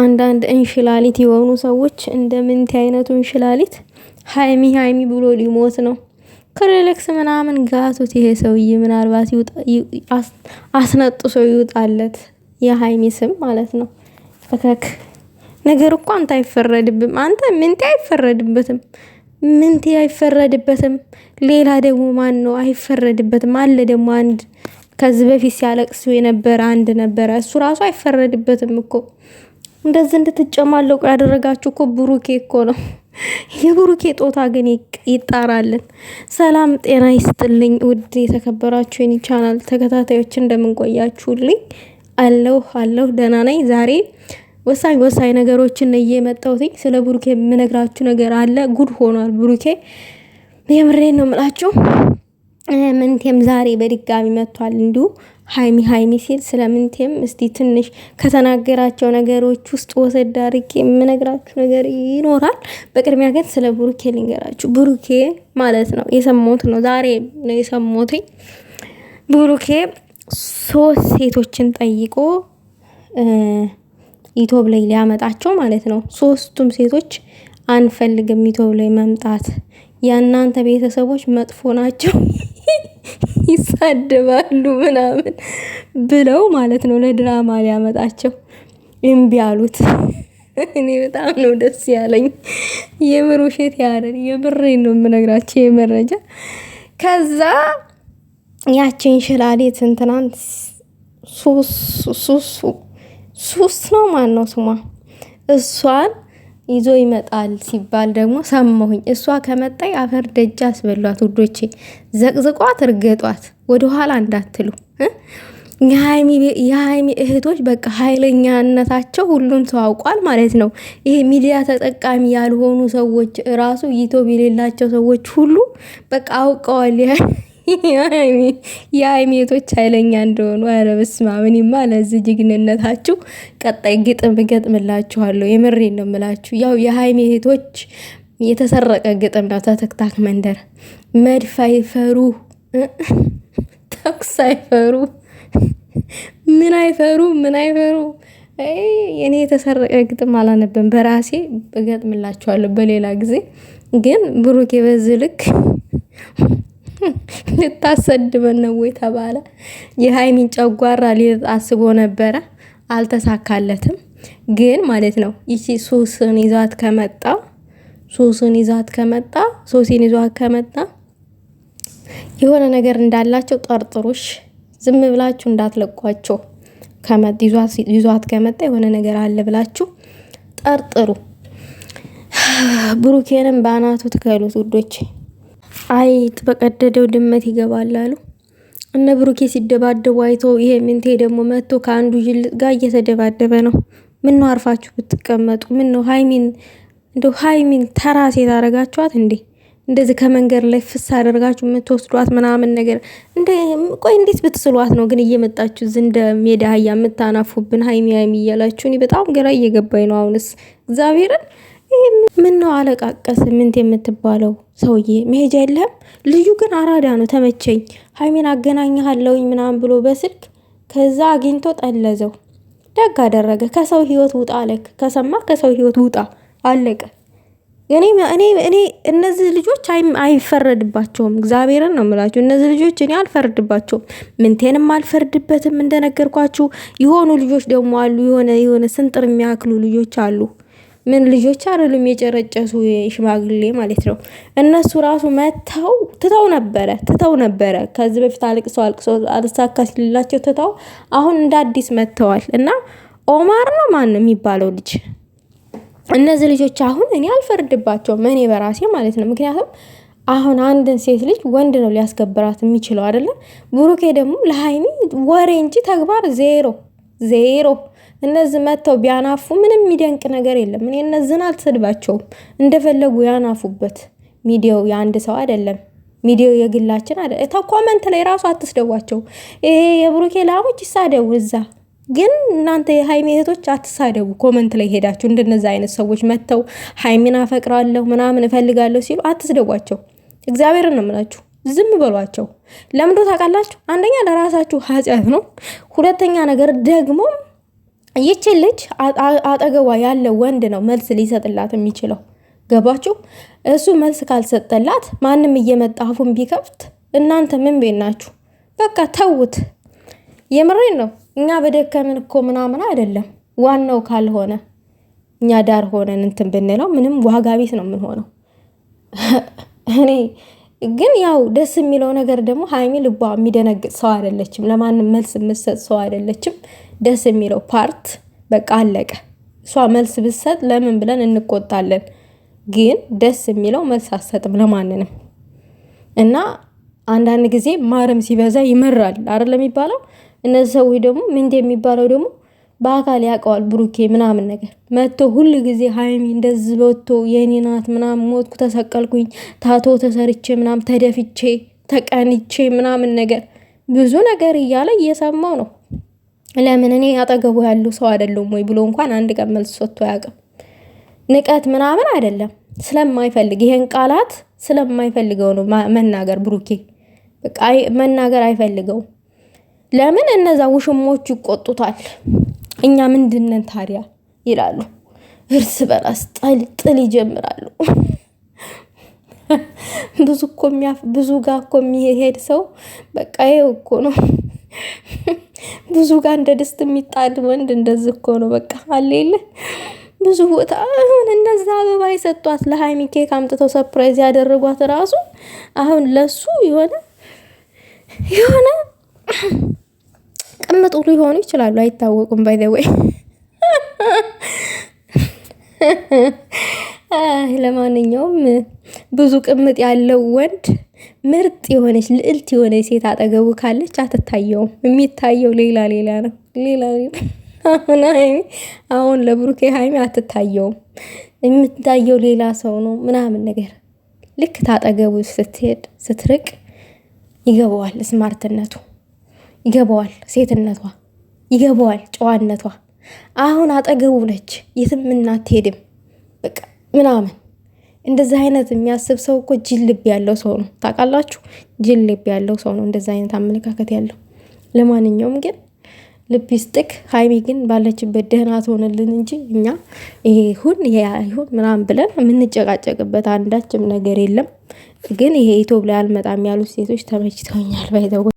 አንዳንድ እንሽላሊት የሆኑ ሰዎች እንደ ምንቲ አይነቱ እንሽላሊት ሀይሚ ሀይሚ ብሎ ሊሞት ነው። ክሪልክስ ምናምን ጋቱት። ይሄ ሰውዬ ምናልባት አስነጥሶ ይውጣለት፣ የሀይሚ ስም ማለት ነው። ፈከክ ነገር እኮ አንተ አይፈረድብም። አንተ ምንቲ አይፈረድበትም፣ ምንቲ አይፈረድበትም። ሌላ ደግሞ ማን ነው አይፈረድበትም? አለ ደግሞ አንድ ከዚህ በፊት ሲያለቅሱ የነበረ አንድ ነበረ። እሱ ራሱ አይፈረድበትም እኮ እንደዚህ እንድትጨማለቁ ያደረጋችሁ እኮ ብሩኬ እኮ ነው። የብሩኬ ጦታ ግን ይጣራልን። ሰላም ጤና ይስጥልኝ። ውድ የተከበራችሁ የኔ ቻናል ተከታታዮች እንደምንቆያችሁልኝ አለሁ አለሁ ደህና ነኝ። ዛሬ ወሳኝ ወሳኝ ነገሮችን እየመጣሁትኝ ስለ ብሩኬ የምነግራችሁ ነገር አለ። ጉድ ሆኗል ብሩኬ። የምሬን ነው የምላችሁ ምንቴም ዛሬ በድጋሚ መጥቷል። እንዲሁ ሀይሚ ሀይሚ ሲል ስለ ምንቴም እስቲ ትንሽ ከተናገራቸው ነገሮች ውስጥ ወሰድ አድርጌ የምነግራችሁ ነገር ይኖራል። በቅድሚያ ግን ስለ ብሩኬ ልንገራችሁ። ብሩኬ ማለት ነው የሰሞት ነው ዛሬ ነው የሰሞት። ብሩኬ ሶስት ሴቶችን ጠይቆ ኢትዮብ ላይ ሊያመጣቸው ማለት ነው። ሶስቱም ሴቶች አንፈልግም ኢትዮብ ላይ መምጣት የእናንተ ቤተሰቦች መጥፎ ናቸው ይሳደባሉ ምናምን ብለው ማለት ነው ለድራማ ሊያመጣቸው እምቢ አሉት። እኔ በጣም ነው ደስ ያለኝ። የምር ውሸት ያረን የምሬ ነው የምነግራቸው የመረጃ ከዛ ያችን ሽላሌት እንትናን ሱስ ሱስ ነው ማን ነው ስሟ እሷን ይዞ ይመጣል ሲባል ደግሞ ሰማሁኝ። እሷ ከመጣይ አፈር ደጃ አስበሏት ውዶቼ፣ ዘቅዝቋት፣ እርገጧት፣ ወደኋላ እንዳትሉ። የሀይሚ እህቶች በቃ ኃይለኛነታቸው ሁሉም ሰው አውቋል ማለት ነው። ይሄ ሚዲያ ተጠቃሚ ያልሆኑ ሰዎች ራሱ ዩቱብ የሌላቸው ሰዎች ሁሉ በቃ አውቀዋል። የአይሜቶች ኃይለኛ እንደሆኑ ኧረ በስመ አብ። እኔማ ለዚህ ቀጣይ ግጥም እገጥምላችኋለሁ። የምሬን ነው የምላችሁ። ያው የአይሜቶች የተሰረቀ ግጥም ነው። ተተክታክ መንደር መድፍ አይፈሩ፣ ተኩስ አይፈሩ፣ ምን አይፈሩ፣ ምን አይፈሩ። እኔ የተሰረቀ ግጥም አላነብም። በራሴ እገጥምላችኋለሁ በሌላ ጊዜ። ግን ብሩክ በዚህ ልክ ልታሰድበን ነው ወይ ተባለ። የሀይሚን ጨጓራ ሊልጥ አስቦ ነበረ፣ አልተሳካለትም። ግን ማለት ነው ይቺ ሱስን ይዛት ከመጣ ሱስን ይዛት ከመጣ ሶሲን ይዟት ከመጣ የሆነ ነገር እንዳላቸው ጠርጥሩሽ፣ ዝም ብላችሁ እንዳትለቋቸው። ይዟት ከመጣ የሆነ ነገር አለ ብላችሁ ጠርጥሩ። ብሩኬንም በአናቱ ትከሉት ውዶቼ። አይጥ በቀደደው ድመት ይገባል አሉ። እነ ብሩኬ ሲደባደቡ አይቶ ይሄ ምንቴ ደግሞ መጥቶ ከአንዱ ጅልጥ ጋር እየተደባደበ ነው። ምን ነው አርፋችሁ ብትቀመጡ? ምን ነው ሃይሚን እንደ ሃይሚን ተራ ሴት እንዴ? እንደዚህ ከመንገድ ላይ ፍስ አደርጋችሁ የምትወስዷት ምናምን ነገር እንደ ቆይ እንዴት ብትስሏት ነው ግን እየመጣችሁ ዝንደ እንደ ሜዳ አህያ የምታናፉብን ሀይሚ ሀይሚ እያላችሁ እኔ በጣም ግራ እየገባኝ ነው። አሁንስ እግዚአብሔርን ምን ነው አለቃቀስ ምንት የምትባለው ሰውዬ መሄጃ የለም። ልዩ ግን አራዳ ነው። ተመቸኝ ሀይሜን አገናኘሃለሁኝ ምናምን ብሎ በስልክ ከዛ አግኝቶ ጠለዘው። ደግ አደረገ። ከሰው ህይወት ውጣ አለክ። ከሰማ ከሰው ህይወት ውጣ አለቀ። እኔ እነዚህ ልጆች አይፈረድባቸውም። እግዚአብሔርን ነው የምላችሁ። እነዚህ ልጆች እኔ አልፈርድባቸውም፣ ምንቴንም አልፈርድበትም። እንደነገርኳችሁ የሆኑ ልጆች ደግሞ አሉ፣ የሆነ የሆነ ስንጥር የሚያክሉ ልጆች አሉ። ምን ልጆች አይደሉም የጨረጨሱ ሽማግሌ ማለት ነው። እነሱ ራሱ መተው ትተው ነበረ ትተው ነበረ ከዚህ በፊት አልቅሶ አልቅሶ አልሳካ ሲልላቸው ትተው አሁን እንደ አዲስ መጥተዋል። እና ኦማር ነው ማን የሚባለው ልጅ እነዚህ ልጆች አሁን እኔ አልፈርድባቸውም እኔ በራሴ ማለት ነው። ምክንያቱም አሁን አንድን ሴት ልጅ ወንድ ነው ሊያስከብራት የሚችለው አይደለም። ብሩኬ ደግሞ ለሀይሚ ወሬ እንጂ ተግባር ዜሮ ዜሮ እነዚህ መጥተው ቢያናፉ ምንም የሚደንቅ ነገር የለም። እኔ እነዚህን አልሰድባቸውም፣ እንደፈለጉ ያናፉበት። ሚዲያው የአንድ ሰው አይደለም፣ ሚዲያው የግላችን አይደለም። ተኮመንት ላይ ራሱ አትስደቧቸው። ይሄ የብሩኬ ላሞች ይሳደቡ እዛ ግን እናንተ የሀይሚ እህቶች አትሳደቡ። ኮመንት ላይ ሄዳችሁ እንደነዚ አይነት ሰዎች መጥተው ሀይሚን አፈቅራለሁ ምናምን እፈልጋለሁ ሲሉ አትስደቧቸው። እግዚአብሔርን ነው የምላችሁ፣ ዝም በሏቸው። ለምዶ ታውቃላችሁ? አንደኛ ለራሳችሁ ኃጢአት ነው። ሁለተኛ ነገር ደግሞ ይቺ ልጅ አጠገቧ ያለው ወንድ ነው መልስ ሊሰጥላት የሚችለው። ገባችሁ? እሱ መልስ ካልሰጠላት ማንም እየመጣ አፉን ቢከፍት እናንተ ምን ቤት ናችሁ? በቃ ተውት። የምሬን ነው። እኛ በደከምን እኮ ምናምን አይደለም። ዋናው ካልሆነ እኛ ዳር ሆነን እንትን ብንለው ምንም ዋጋ ቤት ነው የምንሆነው። እኔ ግን ያው ደስ የሚለው ነገር ደግሞ ሀይሚ ልቧ የሚደነግጥ ሰው አይደለችም። ለማንም መልስ የምትሰጥ ሰው አይደለችም። ደስ የሚለው ፓርት በቃ አለቀ። እሷ መልስ ብትሰጥ ለምን ብለን እንቆጣለን፣ ግን ደስ የሚለው መልስ አትሰጥም ለማንንም። እና አንዳንድ ጊዜ ማረም ሲበዛ ይመራል አይደል የሚባለው። እነዚህ ሰዎች ደግሞ ምንድ የሚባለው ደግሞ በአካል ያውቀዋል ብሩኬ ምናምን ነገር መጥቶ ሁሉ ጊዜ ሀይሚ እንደዚህ በቶ የኔ ናት ምናምን ሞትኩ፣ ተሰቀልኩኝ፣ ታቶ ተሰርቼ ምናምን ተደፍቼ ተቀንቼ ምናምን ነገር ብዙ ነገር እያለ እየሰማው ነው። ለምን እኔ አጠገቡ ያሉ ሰው አይደለም ወይ ብሎ እንኳን አንድ ቀን መልስ ሰጥቶ አያውቅም። ንቀት ምናምን አይደለም፣ ስለማይፈልግ ይሄን ቃላት ስለማይፈልገው ነው መናገር። ብሩኬ በቃ መናገር አይፈልገውም። ለምን እነዛ ውሽሞች ይቆጡታል። እኛ ምንድነን ታዲያ ይላሉ። እርስ በራስ ጥል ይጀምራሉ። ብዙ እኮ ብዙ ጋር እኮ የሚሄድ ሰው በቃ ይኸው እኮ ነው። ብዙ ጋር እንደ ድስት የሚጣድ ወንድ እንደዚህ እኮ ነው በቃ አሌለ ብዙ ቦታ አሁን እነዛ አበባ የሰጧት ለሀይሚ ኬክ አምጥተው ሰፕራይዝ ያደረጓት ራሱ አሁን ለሱ የሆነ የሆነ ቅምጡ ሊሆኑ ይችላሉ፣ አይታወቁም። ባይ ዘ ወይ ለማንኛውም ብዙ ቅምጥ ያለው ወንድ ምርጥ የሆነች ልዕልት የሆነች ሴት አጠገቡ ካለች አትታየውም። የሚታየው ሌላ ሌላ ነው። ሌላ አሁን ሀይሚ አሁን ለብሩኬ ሀይሚ አትታየውም። የምታየው ሌላ ሰው ነው ምናምን ነገር ልክ ታጠገቡ ስትሄድ ስትርቅ ይገባዋል፣ ስማርትነቱ ይገባዋል፣ ሴትነቷ ይገባዋል፣ ጨዋነቷ። አሁን አጠገቡ ነች፣ የትም አትሄድም በቃ ምናምን እንደዚህ አይነት የሚያስብ ሰው እኮ ጅል ልብ ያለው ሰው ነው። ታውቃላችሁ፣ ጅል ልብ ያለው ሰው ነው እንደዚህ አይነት አመለካከት ያለው። ለማንኛውም ግን ልብ ይስጥክ። ሀይሚ ግን ባለችበት ደህና ትሆንልን እንጂ እኛ ይሁን ይሁን ምናምን ብለን የምንጨቃጨቅበት አንዳችም ነገር የለም። ግን ይሄ ኢትዮብ ላይ አልመጣም ያሉት ሴቶች ተመችተውኛል ባይተው